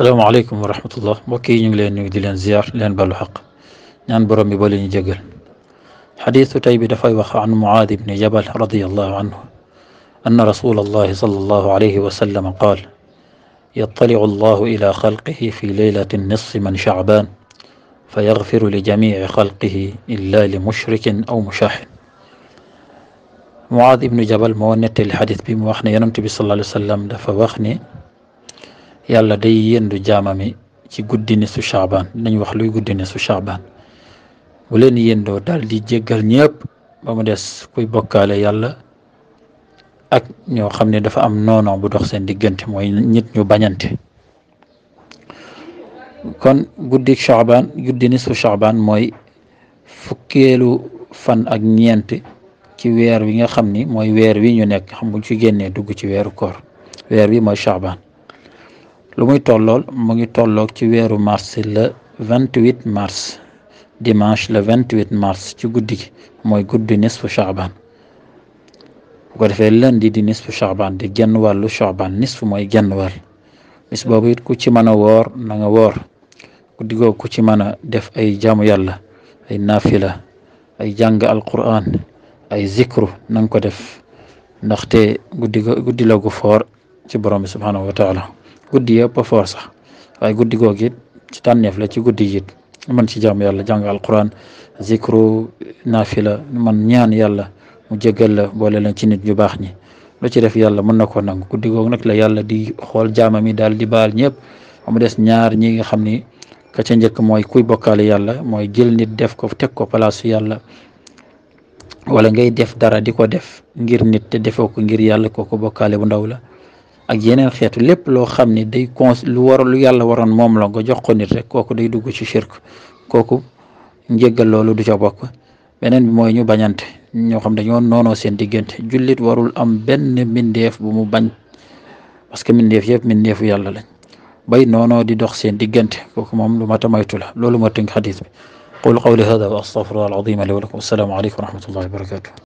السلام عليكم ورحمة الله بكي نجل أن يجد لين زيار لين بالحق نان برمي بولي نجل حديث تيب دفع وخ عن معاذ بن جبل رضي الله عنه أن رسول الله صلى الله عليه وسلم قال يطلع الله إلى خلقه في ليلة النص من شعبان فيغفر لجميع خلقه إلا لمشرك أو مشاحن معاذ بن جبل مونت الحديث بموخني ينمت بصلى الله عليه وسلم دفع وخني yàlla day yendu yi ci guddi ni su Chaabaan nañ wax luy guddi ni su Chaabaan bu leen yendoo daal di jéggal ñëpp ba mu des kuy bokkaale yàlla ak ñoo xam ne dafa am noono bu dox seen diggante mooy nit ñu bañante kon guddi Chaabaan guddi ni su Chaabaan mooy fukkeelu fan ak ñeent ci weer wi nga xam ni mooy weer wi ñu nekk xam buñ ci génnee dugg ci weeru koor weer wi mooy Chaabaan lu muy tollool mu ngi tolloog ci weeru mars le 28 mars dimanche le 28 mars ci guddi gi mooy guddi nisfu Shaaban bu ko defee lundi di nisfu Shaaban di genn wàllu Shaaban nisfu mooy genn wàll bis boobu yit ku ci mën a woor na nga woor guddi googu ku ci mën a def ay jaamu yàlla ay nafila ay jàng alquran ay zikru na ko def ndaxte guddi guddi la gu foor ci borom bi subhanahu wa guddi yëpp a foor sax waaye guddi googu it ci tànneef la ci guddi yi man ci jàmm yàlla jàng alquran naafi la man ñaan yàlla mu jéggal la boole la ci nit ñu baax ñi lu ci def yàlla mën na ko nangu guddi googu nag la yàlla di xool jaamam yi daal di baal ñëpp mu des ñaar ñi nga xam ni ka ca njëkk mooy kuy bokkaale yàlla mooy jël nit def ko teg ko place yàlla wala ngay def dara di ko def ngir nit te defoo ko ngir yàlla kooku bokkaale bu ndaw la ak yeneen xeetu lépp loo xam ne day con lu war lu yàlla waroon moom la nga jox ko rek kooku day dugg ci shirk kooku njëggal loolu du ca bokk beneen bi mooy ñu bañante ñoo xam dañoo noonoo seen diggante jullit warul am benn mbindeef bu mu bañ parce que mbindeef yëpp mbindeefu yàlla lañ bay noonoo di dox seen diggante kooku moom lu mat a moytu la loolu moo tënk xadis bi qul qawli hada wa astaghfirullah al azim li